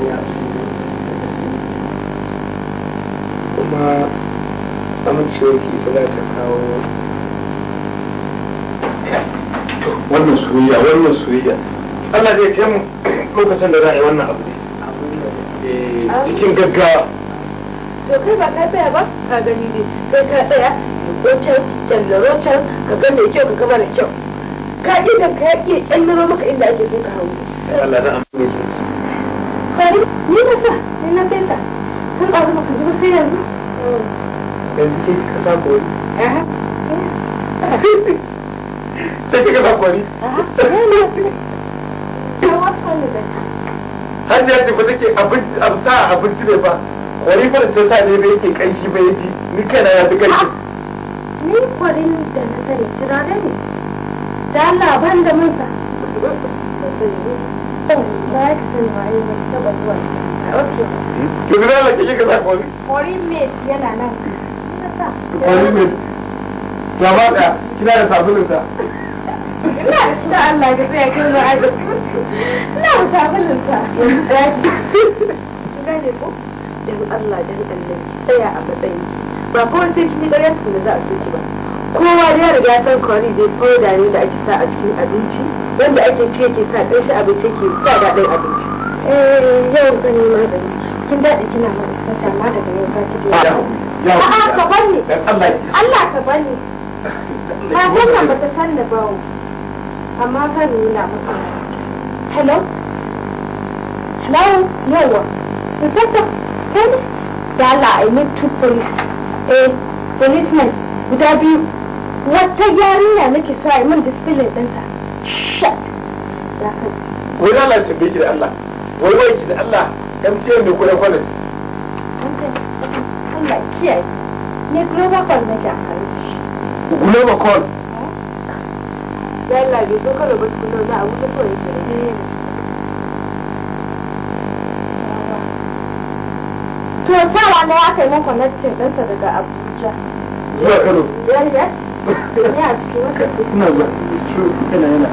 kuma amincewar ki ita za ta kawo wannan soyayya wannan soyayya Allah zai kai mu lokacin da za a yi wannan abu ne eh, cikin gaggawa to kai ba ka tsaya ba ka gani ne kai ka tsaya rocan kyallaro ka ga mai kyau ka gaba da kyau ka inda ka yaƙi kyallaro maka inda ake so ka hau Allah za a mai Ni na sa, ni na ba sai yanzu. Yanzu sa ba take ne ba. ta Ni ya Da ban da ki da kika kori kori mai yana nan kori mai gaba da kina da sabulun ina da shi Allah ga tsaya kai na aji ina da sabulun yanzu tsaya ki gane ko yanzu Allah dan Allah tsaya a matsayin ba ko sai shi da tukuna za a so ki ba kowa ya riga san kori dai ko da ne da ake sa a cikin abinci wanda ake fiye ke sa ɗan shi abinci ke sa daɗin abinci. Eh yau zan yi magani. Kin daɗi kina ma iskata ma daga yau za ki je. A'a ka bani. Allah ka bani. ni. Matan nan ba ta san da bawo. Amma kan na maka. Hello? Hello? Yawa. Isata? Kai ne? Da Allah I need tukun Eh, guda biyu. Wata yarinya nake so a yi min disfilin ɗinta. wai na lalace bai da Allah wai wai ki da Allah kan ce mai Allah kiyaye ne global call na ke global call yalla bai zo karo ba tukuna za a wuce kawai ke to cewa na ya kai mun connecting daga Abuja. Zuwa Kano. ina zuwa ina yana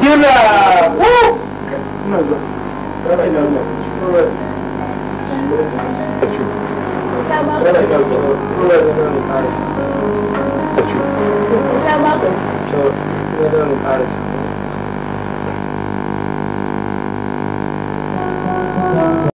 kira ina zuwa